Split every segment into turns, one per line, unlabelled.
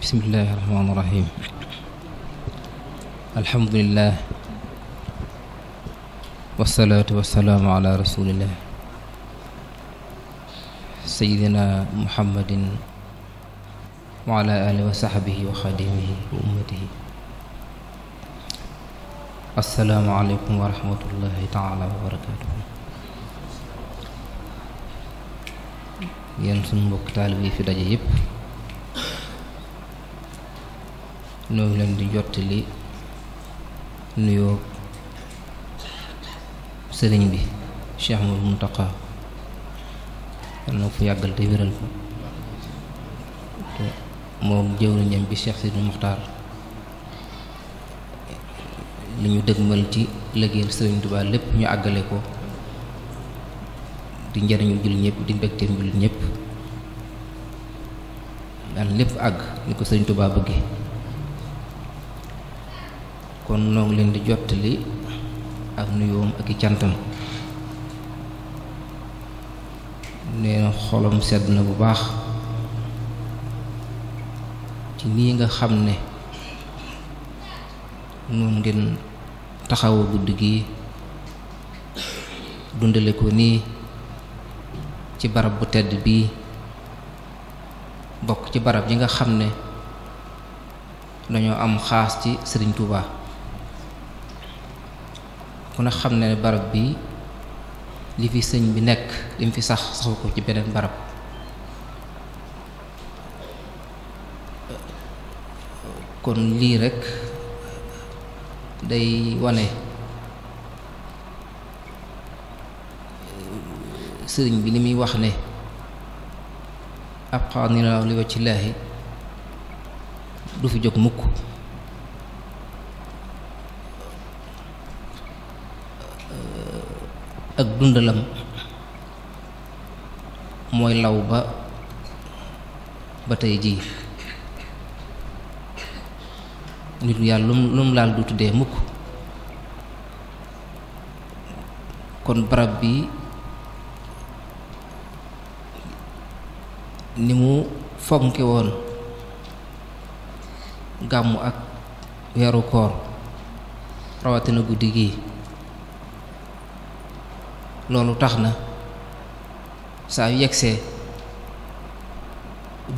bismillahi rahmaani rahim alhamdulilah wasalaatu wasalaamu ala rasulillah sayidina muhammadin wa ala alihi wa saxbihi wa xadimihi wa ummatihi assalaamu aleykum wa rahmatullahi taala wa barakatuhu yéen suñu mbokk taalibe yi fi daje yëpp noo ngi leen di jottali nuyoo sëriñ bi Cheikh Mouhamadou Mountakha noo fu yàggal te wéral ko te moom jëwriñam bi Cheikh Sidi Muxtaar li ñu dëgmal ci liggéeyal sëriñ Tuubaa lépp ñu àggale ko di njariñu jullit ñëpp di mbégteem jullit ñëpp daal lépp àgg ni ko sëriñ Tuubaa bëgge kon noo leen di jottali ak nuyoom ak i cantam nee xolam sedd na bu baax ci nii nga xam ne noon ngeen taxawa guddi gi dundale ko nii ci barab bu tedd bii bokk ci barab yi nga xam ne dañoo am xaas ci Sëriñ Tuubaa ku ne xam ne barab bii li fi sëñ bi nekk lim fi sax saxu ko ci beneen barab kon lii rekk day wane sëriñ bi li muy wax ne ab xaar ni la li wacci laahi du fi jóg mukk ak dundalam mooy law ba ba tey jii nit yàlla lum lum laal du tuddee mukk kon barab bi ni mu fonke woon gàmmu ak weeru koor rawatina guddi gii loolu tax na saa yegsee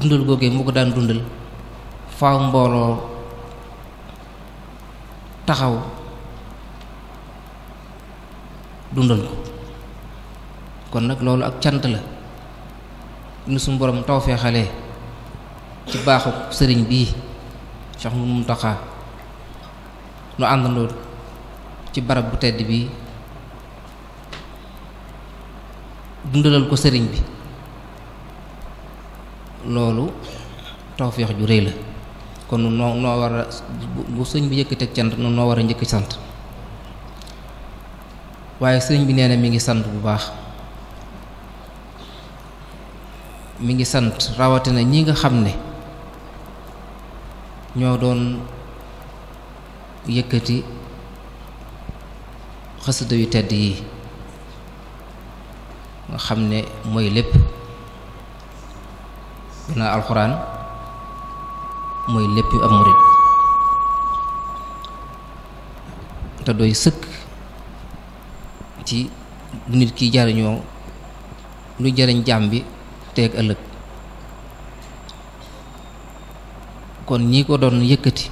dundal googee mu ko daan dundal faw mbooloo taxaw dundal ko kon nag loolu ak cant la ñu suñu borom tawfee xale ci baaxu sëriñ bii Cheikh taxa nu àndandoo ci barab bu tedd bi dundalal ko sëriñ bi loolu tawféex ju rëy la kon noo noo war bu sëñ bi yëkkati ak cant noo war a njëkk sant waaye sëriñ bi nee na mi ngi sant bu baax mi ngi sant rawatina ñi nga xam ne ñoo doon yëkkati xasida yu tedd yi nga xam ne mooy lépp ginnaaw alxuraan mooy lépp ab murit te doy sëkk ci nit ki jariñoo lu jariñ jaam bi teeg ëllëg kon ñi ko doon yëkkati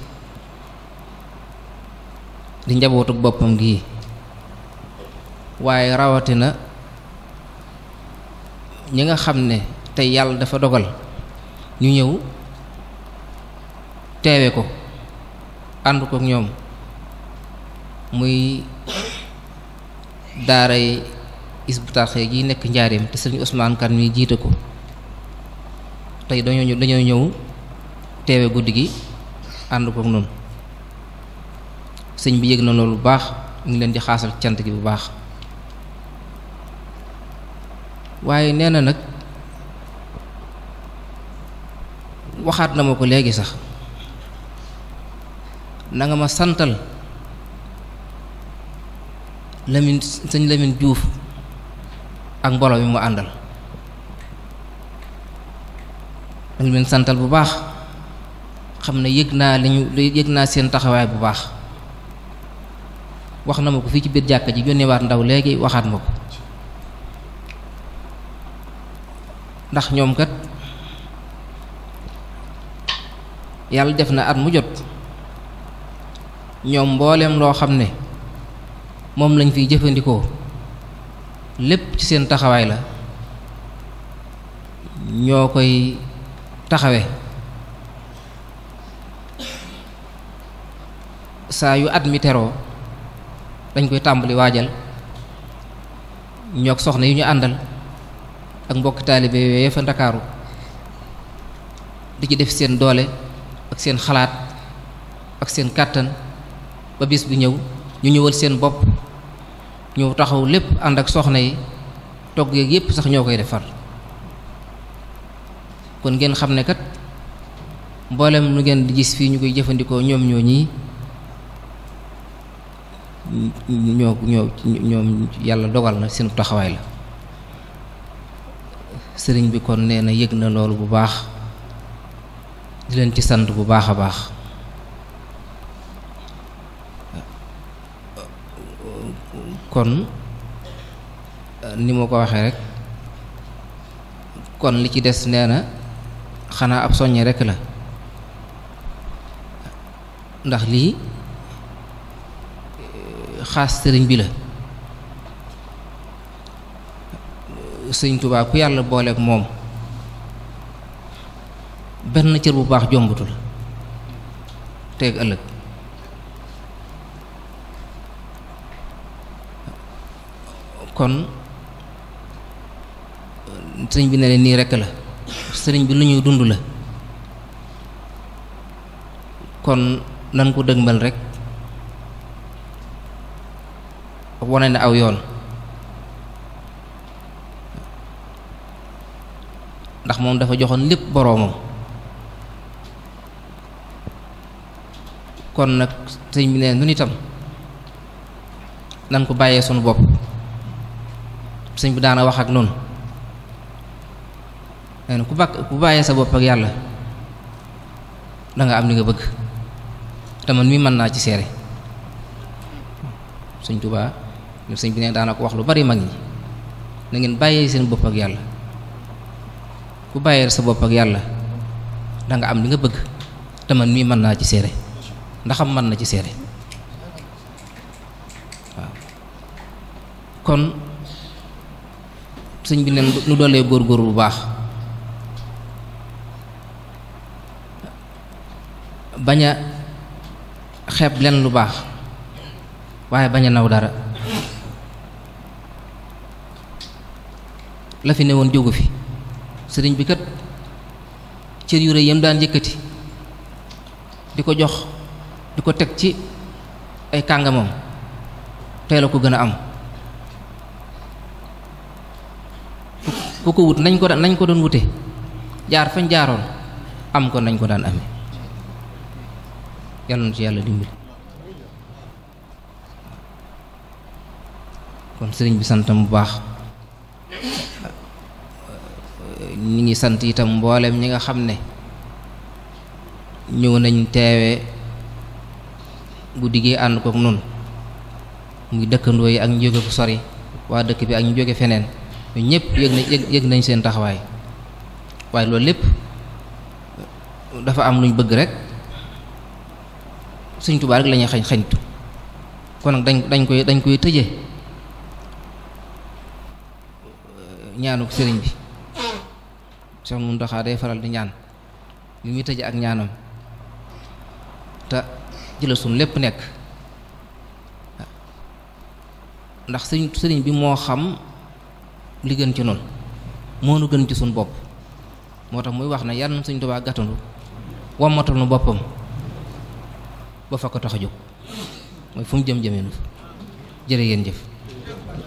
di njabootu boppam gi waaye rawatina ñi nga xam ne tey yàlla dafa dogal ñu ñëw teewe ko ànd ko ñoom muy daaray Hizbut Tarqiyyah ji nekk njaareem te sëriñ Ousmane Kane mi jiite ko tey dañoo ñëw dañoo ñëw teewe guddi gi ànd kook noonu sëñ bi yëg na loolu bu baax ñu ngi leen di xaasal cant gi bu baax waaye nee na nag waxaat na ma ko léegi sax nanga ma santal Lamine sëñ lemin juuf ak mbooloo mi mu àndal dañ leen santal bu baax xam na yëg naa li yëg naa seen taxawaay bu baax wax na ma ko fii ci biir jàkka ji yónneewaat ndaw léegi waxaat ma ko ndax ñoom kat yàlla def na at mu jot ñoom mbooleem loo xam ne moom lañ fiy jëfandikoo lépp ci seen taxawaay la ñoo koy taxawe saa yu at mi teroo dañ koy tàmbali waajal ñoog soxna yu ñu àndal ak mbokk taalibe yooyu fa ndakaaru di ci def seen doole ak seen xalaat ak seen kàttan ba bis bu ñëw ñu ñëwal seen bopp ñu taxaw lépp ànd ak soxna yi togg yeeg yépp sax ñoo koy defar kon ngeen xam ne kat mboolem nu ngeen di gis fii ñu koy jëfandikoo ñoom ñoo ñii ñoo ñoo ñoom yàlla dogal na seen taxawaay la sëriñ bi kon nee na yëg na loolu bu baax di leen ci sant bu baax a baax kon ni ma ko waxee rek kon li ci des nee na xanaa ab soññe rekk la ndax lii xas sëriñ bi la sëñ Tuubaa ku yàlla booleek moom benn cër bu baax jombatul teeg ëllëg kon sëñ bi ne nii rekk la sëriñ bi lu ñuy dund la kon nan ko dëgmal rekk wone na aw yoon ndax moom dafa joxoon lépp boroomam kon nag sëñ bi ne nun itam nan ko bàyyee sunu bopp sëñ bi daana wax ak noonu nee ku bàkk ku bàyyee sa bopp ak yàlla da am li nga bëgg te man mii mën naa ci seere sëñ Tuubaa sëñ bi daan a ko wax lu bari mag ñi na bàyyee seen bopp ak yàlla ku bàyyeel sa bopp ak yàlla danga am li nga bëgg te man mii mën naa ci seere ndaxam mën na ci seere kon sëñ bi leen nu doolee góor bu baax baña a xeeb leen lu baax waaye bañ naw dara la fi ne woon jógu fi sëriñ bi kat cër yu rëy yam daan yëkkati di ko jox di ko teg ci ay kàngamam tey la ko gën a am ku ko wut nañ ko nañ ko doon wute jaar fañ jaaroon am ko nañ ko daan amee yàlla na ci yàlla dimbali kon sëriñ bi santam bu baax mi ngi sant itam mbooleem ñi nga xam ne ñëw nañ teewe guddi gi ànd kook nun muy dëkkandoo yi ak ñu jóge fu sori waa dëkk bi ak ñu jóge feneen ñu yëg nañ seen taxawaay waaye loolu lépp dafa am luñ bëgg rek Sëñ Tuubaa rek la xañ xañtu kon nag dañ dañ koy dañ koy tëje ñaanu sëriñ bi Cheikh Mountakha day faral di ñaan li muy tëje ak ñaanam te ci la lépp nekk ndax sëñ sëriñ bi moo xam li gën ci noonu moo gën ci suñu bopp moo tax muy wax ne yàlla na sëñ Tuubaa gàttandu wammatal nu boppam ba fa ko tax jóg mooy fu mu jëm jëmeenu jërë ngeen jëf